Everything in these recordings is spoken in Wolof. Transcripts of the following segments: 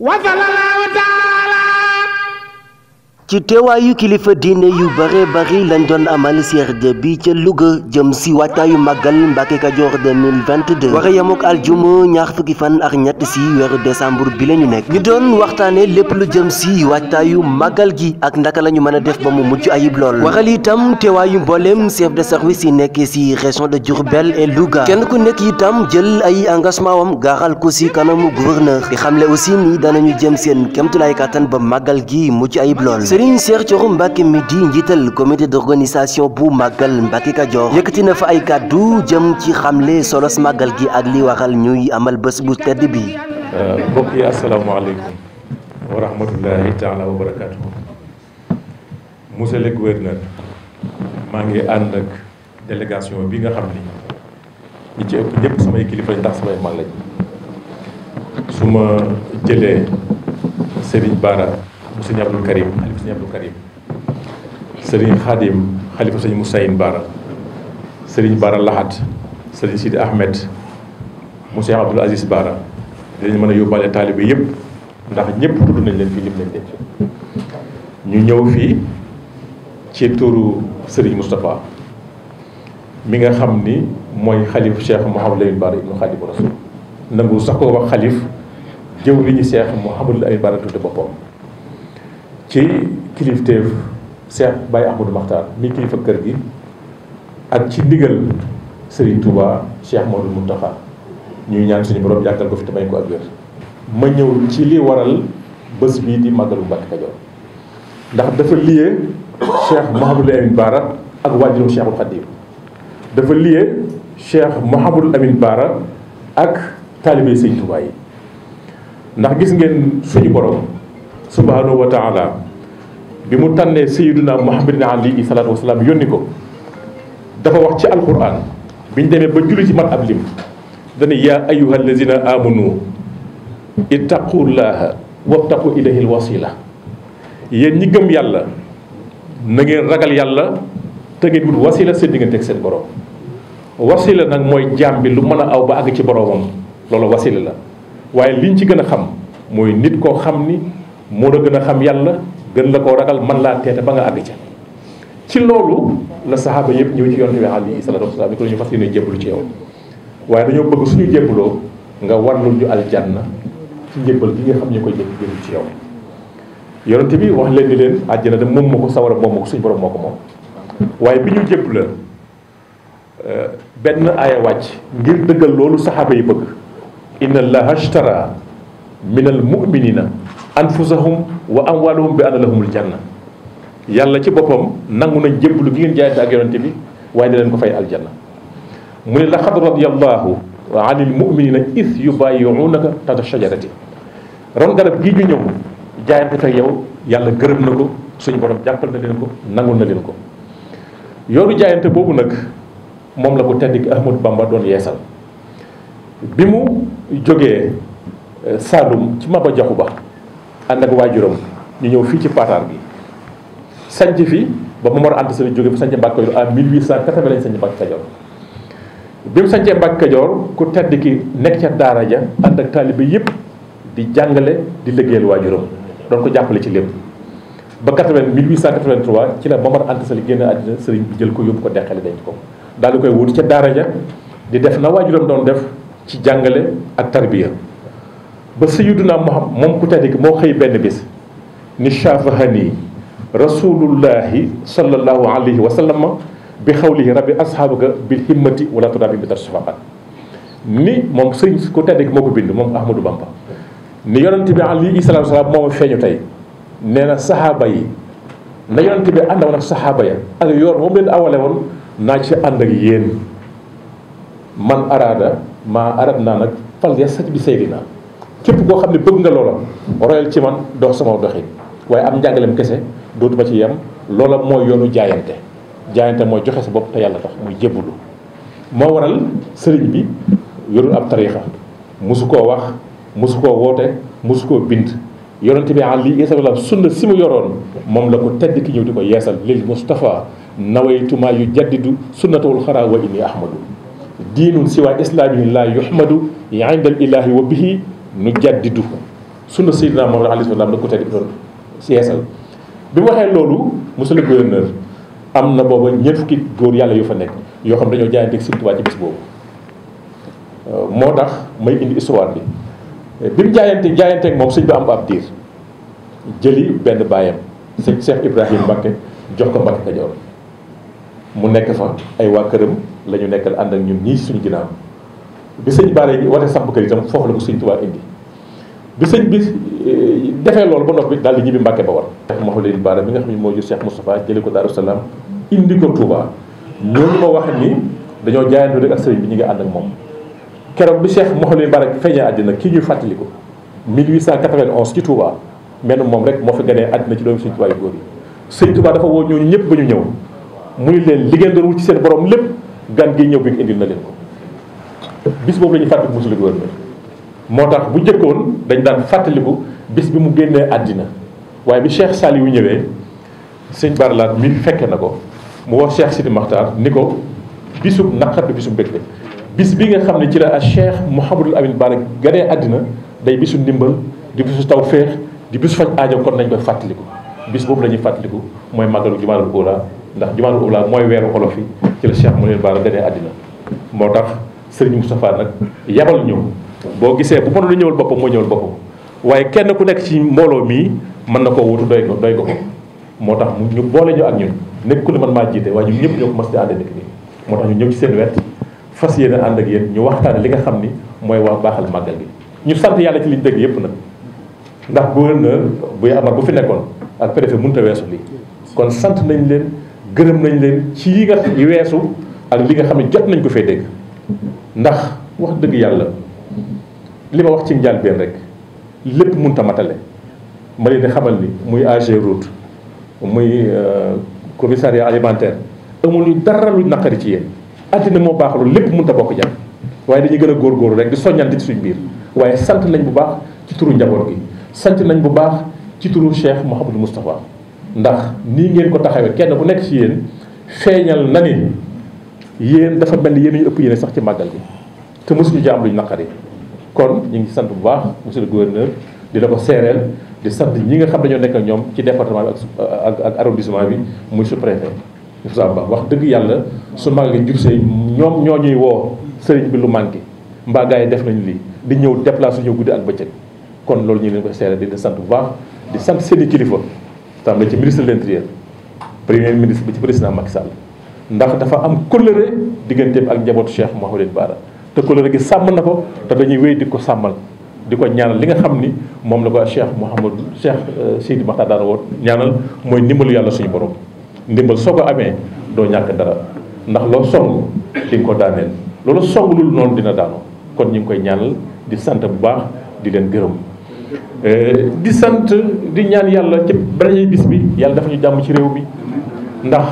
wa ci teewaayu kilifa diine yu bare bari lañ doon amal CRD bi ca Louga jëm si waajtaayu màggal Mbàkke Kajoor 2022 war a yemook aljuma ñaar fukki fan ak ñett si weeru décembre bi la ñu nekk ñu doon waxtaane lépp lu jëm si waajtaayu màggal gi ak naka la ñu mën a def ba mu mucc ayib lool waral itam teewaayu mbooleem chef de service yi nekk si région de Diourbel et Louga kenn ku nekk itam jël ay engagement wam gaaxal ko si kanamu gouverneur di xamle aussi ni danañu jëm seen kemtulaay kàttan ba màggal gi mucc ayib lool Serigne Cheikh Thioro Mbacke mi di njiital comité d'organisation bu màggal Mbacke Kajoor yëkkati na fa ay kàddu jëm ci xamle solos màggal gi ak li waral ñuy amal bés bu tedd bi euh, mbokk yi asalaamaaleykum wa rahmatullahi wa barakaatu monsieur le maa ngi ànd ak délégation bi nga xam ni ñi ci ëpp ñëpp samay kilifa ndax samay mag su ma jëlee Serigne Bara mu sëñ Abdul Karim xalifa sëñ Abdul Karim sëriñ Xaadim xalifa sëñ Moussaïn Baara sëriñ Baara Lahat sëriñ Sidi Ahmed mu sëñ Abdul Aziz Baara dinañ mën a yóbbaale taalibe yëpp ndax ñëpp tudd nañ leen fii lim nañ ñu ñëw fii ci turu sëriñ Moustapha mi nga xam ni mooy xalif cheikh Mouhamadul Amin Baara ibnu Xaadimu Rasul nangu sax ko wax xalif jëw li ñu cheikh Mouhamadul Amin Baara tudde boppam ci kilifteef Cheikh Baye Ahmadou Makhtar mi kilifa kër gi ak ci ndigal Serigne Touba Cheikh Modou Mountakha ñuy ñaan suñu borom yàggal ko fi te ko ak wér ma ñëw ci li waral bés bii di màggalu Mbàkke Kajoor ndax dafa lié Cheikh Mouhamadou Lamine Bara ak waajurum Cheikhul Khadim dafa lié Cheikh Mouhamadou Lamine Bara ak taalibe yi ndax gis ngeen suñu borom. subhanahu wa taala bi mu tànnee sayiduna muhammadin alayhi salaatu wasalaam yónni ko dafa wax ci alquran biñ demee ba julli ci mat ab lim dana yaa ayuha allazina amanu ittaqullaha wabtaqu ilayhi alwasila yéen ñi gëm yàlla na ngeen ragal yàlla te ngeen wut wasila seen diggante ak seen borom wasila nag mooy jaam bi lu mën a aw ba àgg ci boromam loolu wasila la waaye liñ ci gën a xam mooy nit koo xam ni moo la gën a xam yàlla gën la koo ragal man laa teete ba nga àgg ca ci loolu la saxaaba yëpp ñëw ci yonent yi alayhi salaatu wasalaam ni ko ñu fas yéene waaye dañoo bëgg suñu jébbaloo nga warlul ñu aljanna ci njébbal gi nga xam ñu koy jébbalu ci yow yonent bi wax leen ni leen àjjana de moom moo ko sawara moom moo ko suñu borom moo ko moom waaye bi ñu jébbu la euh, benn aaya wàcc ngir dëggal loolu saxaaba yi bëgg inna allaha ashtara min al muminina anfusahum wa amwaalahum bi anna lahumul janna yàlla ci boppam nangu nañ jébbalu gi ngeen jaayante ak yonente bi waaye dina leen ko fay aljanna mu ne laqad radiyallahu anil muminina is yubayiunaka tata shajarati ron garab gii ñu ñëw jaayante ak yow yàlla gërëm na ko suñu borom jàppal na leen ko nangul na leen ko yoonu jaayante boobu nag moom la ko tedd ki Ahmadu Bamba doon yeesal bi mu jógee eh, Saalum ci Maba Jaxu Ba ànd ak waajuram ñu ñëw fii ci Pataar bi sanc fi ba Momar Anta Sali jóge fi sanc Mbàkke Kajoor en 1880 lañ sanc Mbàkke Kajoor bi mu sancee Mbàkke Kajoor ku tedd ki nekk ca daara ja ànd ak taalibe yëpp di jàngale di liggéeyal waajuram doon ko jàppale ci lépp ba 80 1883 ci la Momar Anta Sali génn àddina sëriñ bi jël ko yóbbu ko deqale denc ko daal di koy wut ca daara ja di def na waajuram doon def ci jàngale ak tarbiya ba Sayyiduna Muhammad moom ku tedd ki moo xëy benn bis ni shafahani rasulullahi sallallahu alayhi wa bi xawlihi rabbi asxaabaka bil himmati wala tudabi bi tarsufaqat ni moom sëñ ku tedd ki moo ko bind moom Ahmadou Bamba ni yonent bi alayhi salaatu moom feeñu tey nee na saxaaba yi na yonent bi àndawoon ak saxaaba ya ak yoon moom leen awale woon naa ci ànd ak yéen man araada maa arad naa nag fal ya saj bi seydinaa képp koo xam ne bëgg nga loola royal ci man dox sama doxi waaye am njàngaleem kese dootuma ci yem loola mooy yoonu jaayante jaayante mooy joxe sa bopp te yàlla tax muy jébbalu moo waral sëriñ bi yorul ab tariixa mosu koo wax mosu koo woote mosu koo bind yonente bi ali lii yeesal la sunna si mu yoroon moom la ko tedd ki ñëw di ko yeesal lil Mustafa nawaytuma yu jaddidu sunnatawul xaraa wa inni ahmadu diinun siwa islaami laa yuhmadu indal ilaahi wa nu jàddidu sunna Seydina Muhammad alayhi salaam da ko teg doon si yeesal bi mu waxee loolu monsieur le gouverneur am na booba ñeent fukki góor yàlla yu fa nekk yoo xam dañoo jaayante ak Sëriñ Tuubaa ci bis boobu euh, moo tax may indi histoire bi bi mu jaayante jaayanteeg moom sëñ bi am ab diir jëli benn baayam sëñ Cheikh Ibrahima Mbacké jox ko Mbacké Kajoor mu nekk fa ay waa këram lañu ñu nekkal ànd ak ñun ñii suñu ginnaaw bi sëñ Bara yi wate samp kër itam foofu la ko sëñ Tuubaa indi bi sëñ bi eh, defee loolu ba noppi daal di ñibbi Mbàkke ba war Mouhamadou Bara bi nga xam ne moo jur Cheikh Moustapha jëli ko Daaru Salaam indi ko Touba ñooñu ma wax ni dañoo jaayante rek ak sëriñ bi ñu ngi ànd ak moom keroog bi Cheikh Mouhamadou Bara feeñee àddina kii ñuy fàttaliku 1891 ci Touba menn moom rek moo fi ganee àddina ci doomu sëñ Touba yu góor yi sëñ Touba dafa woo ñooñu ñëpp ba ñu ñëw mu ni leen li ngeen doon wut ci seen borom lépp gan gi ñëw bi indi na leen ko bis boobu la ñuy fàttaliku monsieur le gouverneur moo tax bu njëkkoon dañ daan fàttaliku bis bi mu génnee àddina waaye bi Cheikh Saliou ñëwee sëñ Barlaat mi fekke na ko mu wax Cheikh Sidi Makhtar ni ko bisub naqar bi bisub mbégte bis bi nga xam ne ci la a Cheikh Mouhamadul Amin Bara ganee àddina day bisu ndimbal di bisu taw féex di bisu faj aajo kon nañ koy fàttaliku bis boobu la fàttaliku mooy màggalu Jumaadal Oula ndax Jumaadal Oula mooy weeru olof yi ci la Cheikh Mouhamadul Bara ganee àddina moo tax sëriñ Moustapha nag yabal ñu boo gisee bu mënul ñëwal boppam moo ñëwal boppam waaye kenn ku nekk ci mbooloo mii mën na koo wutu doy ko doy ko ko moo tax ñu boole ñu ak ñun nekkul man maa jiite waaye ñun ñëpp ñoo ko mas di ànd nekk nii moo tax ñu ñëw ci seen wet fas yéene ànd ak yéen ñu waxtaane li nga xam ni mooy wax baaxal màggal gi ñu sant yàlla ci liñ dégg yëpp nag ndax gouverneur buy amal bu fi nekkoon ak préfet mënut a weesu lii kon sant nañ leen gërëm nañ leen ci yi nga ak li nga xam ne jot nañ ko fee dégg ndax wax dëgg yàlla li ma wax ci njàlbeen rek lépp mun tamatale matale ma di xamal ni muy AG route muy euh, commissariat alimentaire amul ñu dara lu naqari ci yéen àddina moo baaxul lépp mënut ta bokk jàpp waaye dañuy gën a góor góor rek di soññante ci suñ biir waaye sant nañ bu baax ci turu njaboot gi sant nañ bu baax ci turu Cheikh Mouhamadou Moustapha ndax nii ngeen ko taxawee kenn bu nekk ci yéen feeñal na ni yéen dafa mel ni yéen ñu ëpp yéen sax ci màggal bi te mosuñu jaam luñ naqari kon ñu ngi sant bu baax monsieur le gouverneur di la ko seereel di sant ñi nga xam dañoo nekk ak ñoom ci département ak ak bi muy sous préfet Moussa wax dëgg yàlla su màggal gi see ñoom ñoo ñuy woo sëriñ bi manqué mbaa yi def nañu lii di ñëw déplacé ñëw guddi ak bëccëg kon loolu ñu leen ko seereel di la sant bu baax di sant seen i kilifa tam la ci ministre de l'intérieur premier ministre bi ci président Macky Sall ndax dafa am kóllëre digganteem ak njabootu Cheikh Mouhamadou Bara te kóllëre gi sàmm na ko te dañuy wéy di ko sàmmal di ko ñaanal li nga xam ni moom la ko Cheikh Mouhamadou Cheikh euh, Seydi Makhtar daan woo ñaanal mooy ndimbalu yàlla suñu borom ndimbal soo ko amee doo ñàkk dara ndax loo song di nga ko daaneel loolu song lul noonu dina daanoo kon ñu ngi koy ñaanal di sant bu baax di leen gërëm euh, di sant di ñaan yàlla ci beneen bis bi yàlla dafa ñu jàmm ci réew mi ndax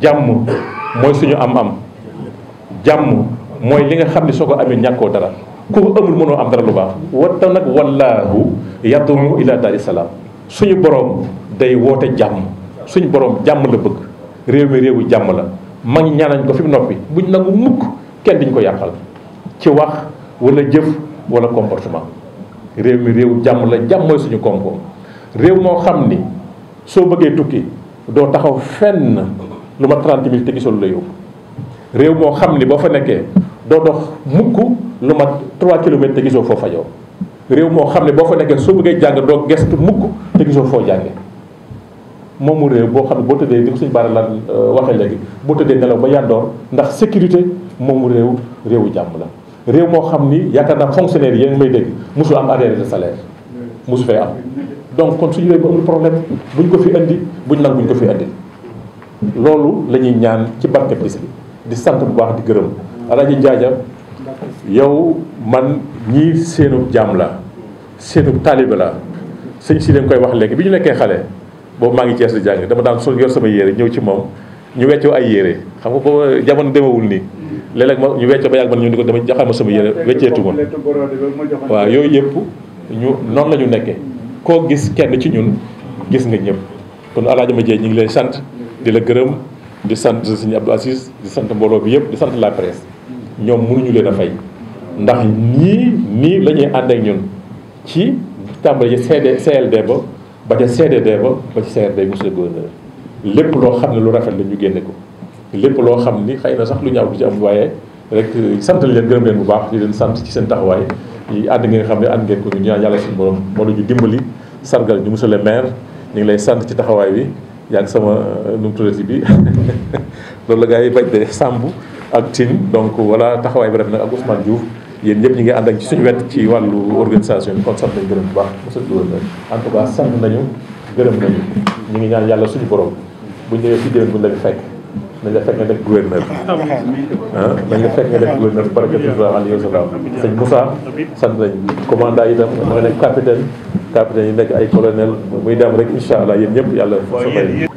jàmm mooy suñu am-am jàmm mooy li nga xam ne soo ko amee ñàkkoo dara ku ko amul mënoo am dara lu baax wata nag wallaahu yad'u ila daari salaam suñu borom day woote jàmm suñu boroom jàmm la bëgg réew mi réewu jàmm la ma ngi ko fi noppi buñ nangu mukk kenn diñ ko yàqal ci wax wala jëf wala comportement réew mi réewu jàmm la jàmm mooy suñu koom-koom réew moo xam ni soo bëggee tukki doo taxaw fenn lu ma 30 000 te gisul la yow réew moo xam ni boo fa nekkee doo dox mukk lu ma 3 kilomètres te gisoo foo fajoo réew moo xam ne boo fa nekkee soo bëggee jàng doo gestu mukk te gisoo foo jànge moomu réew boo xam ne boo tëddee di ko suñu baara la euh, waxee léegi boo tëddee nelaw ba yàndoor ndax sécurité moomu réew réewu jàmm la réew moo xam ni yaakaar naa fonctionnaire yi ngi may dégg mosu am arriéré de salaire mosu fay am donc kon suñu réew problème buñ ko fi andi buñ nag buñ ko fi andi loolu la ñuy ñaan ci barke bis di sant bu baax di gërëm Alaaji Njaaja yow man ñii seenub jaam la seenub taalibe la sëñ si leen koy wax léegi bi ñu nekkee xale boobu maa ngi Cees di jàng dama daan sol yor sama yére ñëw ci moom ñu weccoo ay yére xam nga ko jamono demewul nii léeg-léeg ma ñu weccoo ba yàgg man ñu ni ko dama jaxal ma sama yére wecceetu ma waaw yooyu yëpp ñu noonu la ñu nekkee koo gis kenn ci ñun gis nga ñëpp kon El jee Madiaye ñu ngi lay sant di la gërëm di sant sëñ Abdou Aziz di sant mbooloo bi yëpp di sant la presse ñoom ñu leen a fay ndax ñii nii lañuy ñuy ànd ak ñun ci tàmbali ci CD CLD ba ba ca CDD ba ba ci CRD monsieur le gouverneur lépp loo xam ne lu rafet la ñu génne ko lépp loo xam ni xëy na sax lu ñaaw du ci am waaye rek sant leen gërëm leen bu baax di leen sant ci seen taxawaay yi ànd ngeen xam ne ànd ngeen ko ñu ñaan yàlla suñu borom moo la ñu dimbali sargal le maire ñu ngi lay ci taxawaay euh, bi yàgg sama nu bi loolu la gars yi bañ sàmb ak tin donc wala taxawaay bi rafet na ak Ousmane Diouf yéen ñëpp ñu ngi ànd ak ci suñu wet ci wàllu organisation bi kon sant nañu gërëm bu baax monsieur le gouverneur en tout cas sant nañu gërëm nañu ñu ngi ñaan yàlla suñu borom bu ñëwee fii déwén bu la fekk nañ la fekk nga def gouverneur ah nañ la fekk nga def gouverneur barakatulah alayhi wa salaam sëñ Moussa sant nañ commandant yi tam ma nga nekk capitaine capitaine yi nekk ay colonel muy dem rek incha allah yéen ñëpp yàlla